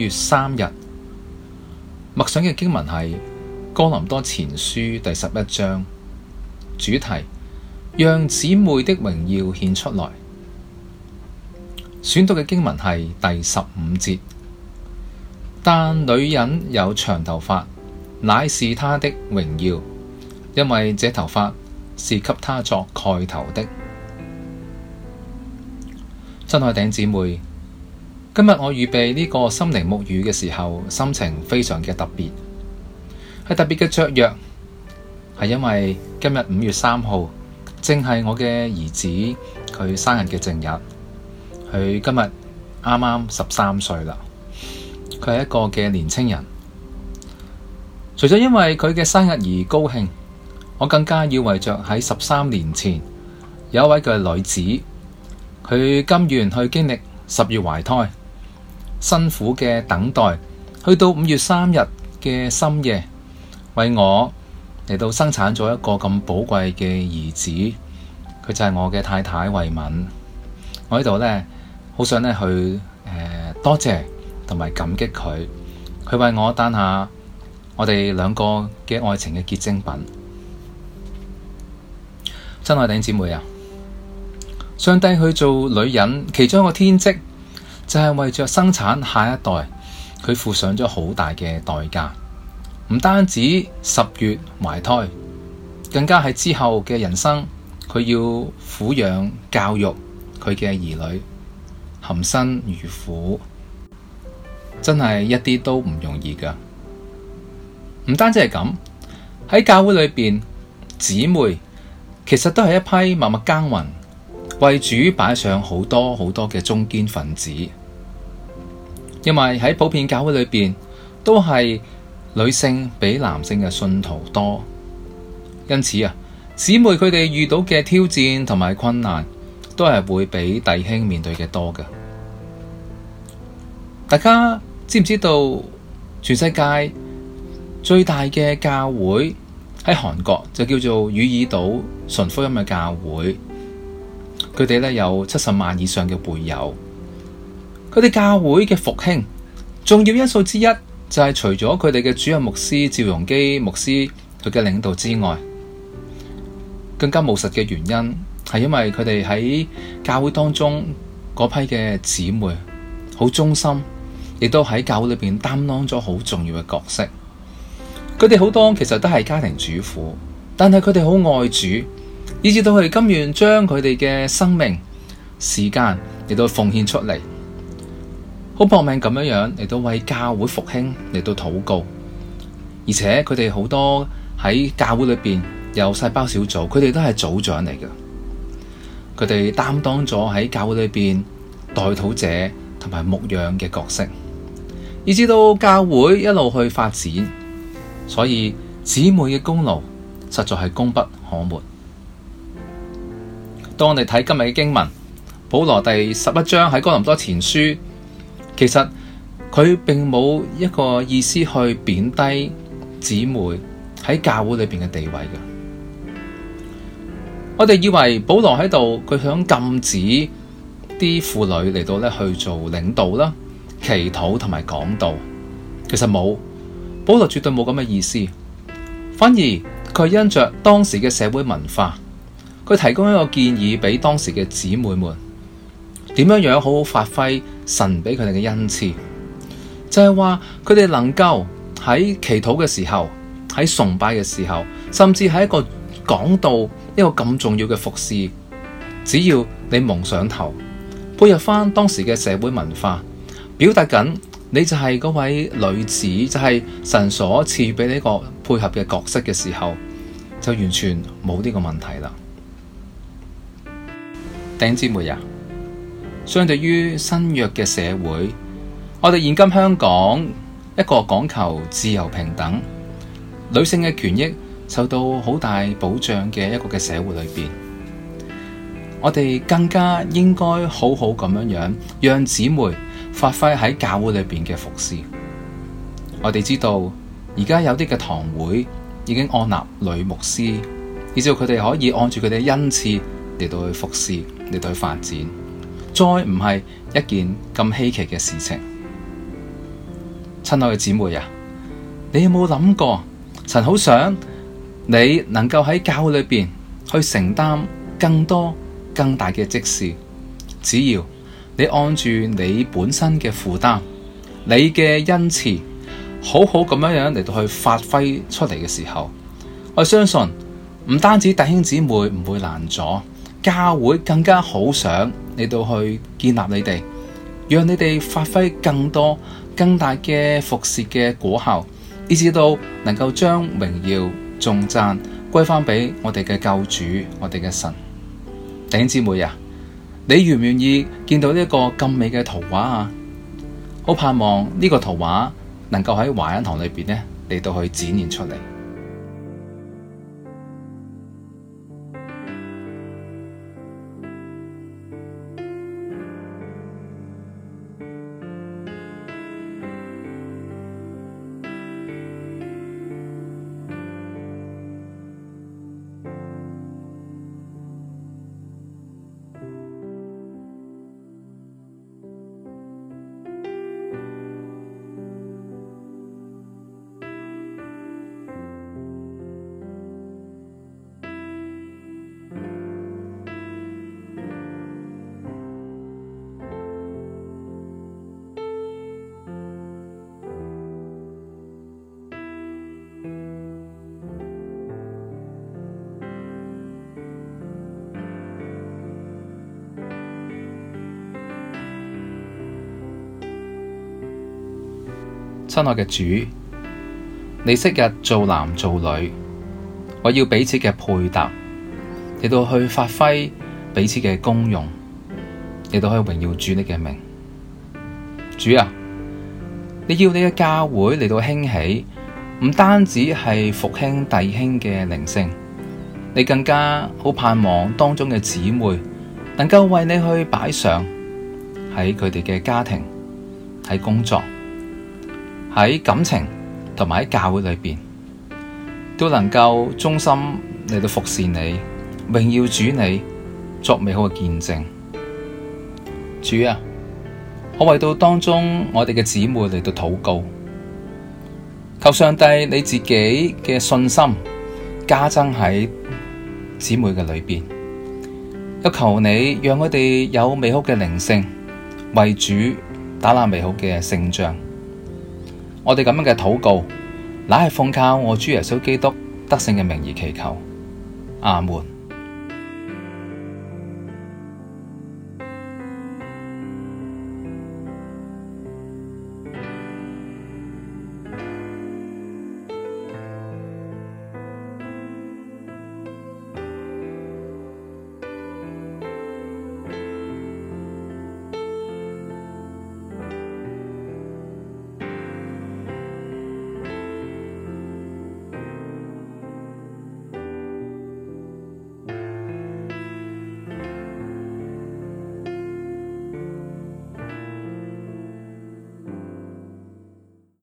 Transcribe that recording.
月三日默想嘅經文係《哥林多前書》第十一章，主題，讓姊妹的榮耀展現出來。選讀嘅經文係第十五節，但女人有長頭髮，乃是她的榮耀，因為這頭髮是給她作蓋頭的。親愛頂姊妹。今日我預備呢個心靈牧語嘅時候，心情非常嘅特別，係特別嘅雀躍，係因為今日五月三號，正係我嘅兒子佢生日嘅正日，佢今日啱啱十三歲啦，佢係一個嘅年青人。除咗因為佢嘅生日而高興，我更加要為着喺十三年前有一位嘅女子，佢甘願去經歷十月懷胎，辛苦嘅等待，去到五月三日嘅深夜，為我嚟到生產咗一個咁寶貴嘅兒子，佢就係我嘅太太慧敏。我喺度呢，好想呢去誒、呃、多謝同埋感激佢，佢為我誕下我哋兩個嘅愛情嘅結晶品。親愛弟兄姊妹啊，上帝去做女人其中一個天職。就係為着生產下一代，佢付上咗好大嘅代價，唔單止十月懷胎，更加係之後嘅人生，佢要撫養教育佢嘅兒女，含辛茹苦，真係一啲都唔容易噶。唔單止係咁，喺教會裏邊，姊妹其實都係一批默默耕耘、為主擺上好多好多嘅中堅分子。因為喺普遍教會裏邊，都係女性比男性嘅信徒多，因此啊，姊妹佢哋遇到嘅挑戰同埋困難，都係會比弟兄面對嘅多嘅。大家知唔知道全世界最大嘅教會喺韓國就叫做汝矣島純福音嘅教會？佢哋咧有七十萬以上嘅會友。佢哋教會嘅復興重要因素之一，就係除咗佢哋嘅主任牧師趙容基牧師佢嘅領導之外，更加務實嘅原因係因為佢哋喺教會當中嗰批嘅姊妹好忠心，亦都喺教會裏邊擔當咗好重要嘅角色。佢哋好多其實都係家庭主婦，但係佢哋好愛主，以至到佢哋甘願將佢哋嘅生命、時間，亦都奉獻出嚟，好搏命咁樣樣嚟到為教會復興嚟到禱告，而且佢哋好多喺教會裏邊有細胞小組，佢哋都係組長嚟㗎，佢哋擔當咗喺教會裏邊代禱者同埋牧養嘅角色，以至到教會一路去發展，所以姊妹嘅功勞實在係功不可沒。當我哋睇今日嘅經文，保羅第十一章喺哥林多前書。其實佢並冇一個意思去貶低姊妹喺教會裏邊嘅地位嘅。我哋以為保羅喺度，佢想禁止啲婦女嚟到咧去做領導啦、祈禱同埋講道。其實冇，保羅絕對冇咁嘅意思。反而佢因着當時嘅社會文化，佢提供一個建議俾當時嘅姊妹們。點樣樣好好發揮神俾佢哋嘅恩賜，就係話佢哋能夠喺祈禱嘅時候，喺崇拜嘅時候，甚至係一個講道一個咁重要嘅服侍，只要你蒙上頭，配合翻當時嘅社會文化，表達緊你就係嗰位女子，就係神所賜俾呢個配合嘅角色嘅時候，就完全冇呢個問題啦。頂姊妹啊！相對於新約嘅社會，我哋現今香港一個講求自由平等、女性嘅權益受到好大保障嘅一個嘅社會裏邊，我哋更加應該好好咁樣樣，讓姊妹發揮喺教會裏邊嘅服侍。我哋知道而家有啲嘅堂會已經按納女牧師，以致佢哋可以按住佢哋嘅恩賜嚟到去服侍，嚟到去發展。再唔係一件咁稀奇嘅事情，親愛嘅姊妹啊，你有冇諗過？神好想你能夠喺教會裏邊去承擔更多更大嘅職事，只要你按住你本身嘅負擔、你嘅恩賜，好好咁樣樣嚟到去發揮出嚟嘅時候，我相信唔單止弟兄姊妹唔會難阻，教會更加好想。嚟到去建立你哋，讓你哋發揮更多更大嘅服侍嘅果效，以至到能夠將榮耀、頌讚歸翻俾我哋嘅救主，我哋嘅神。弟兄姊妹啊，你願唔願意見到呢一個咁美嘅圖畫啊？好盼望呢個圖畫能夠喺華恩堂裏邊呢，嚟到去展現出嚟。恩愛嘅主，你昔日做男做女，我要彼此嘅配搭，嚟到去發揮彼此嘅功用，你都可以榮耀主你嘅名。主啊，你要你嘅教會嚟到興起，唔單止係復興弟兄嘅靈性，你更加好盼望當中嘅姊妹能夠為你去擺上喺佢哋嘅家庭，喺工作。喺感情同埋喺教會裏邊都能夠忠心嚟到服侍你，榮耀主你，作美好嘅見證。主啊，我為到當中我哋嘅姊妹嚟到禱告，求上帝你自己嘅信心加增喺姊妹嘅裏邊，又求你讓我哋有美好嘅靈性，為主打爛美好嘅勝仗。我哋咁樣嘅禱告，乃係奉靠我主耶穌基督得勝嘅名而祈求，阿門。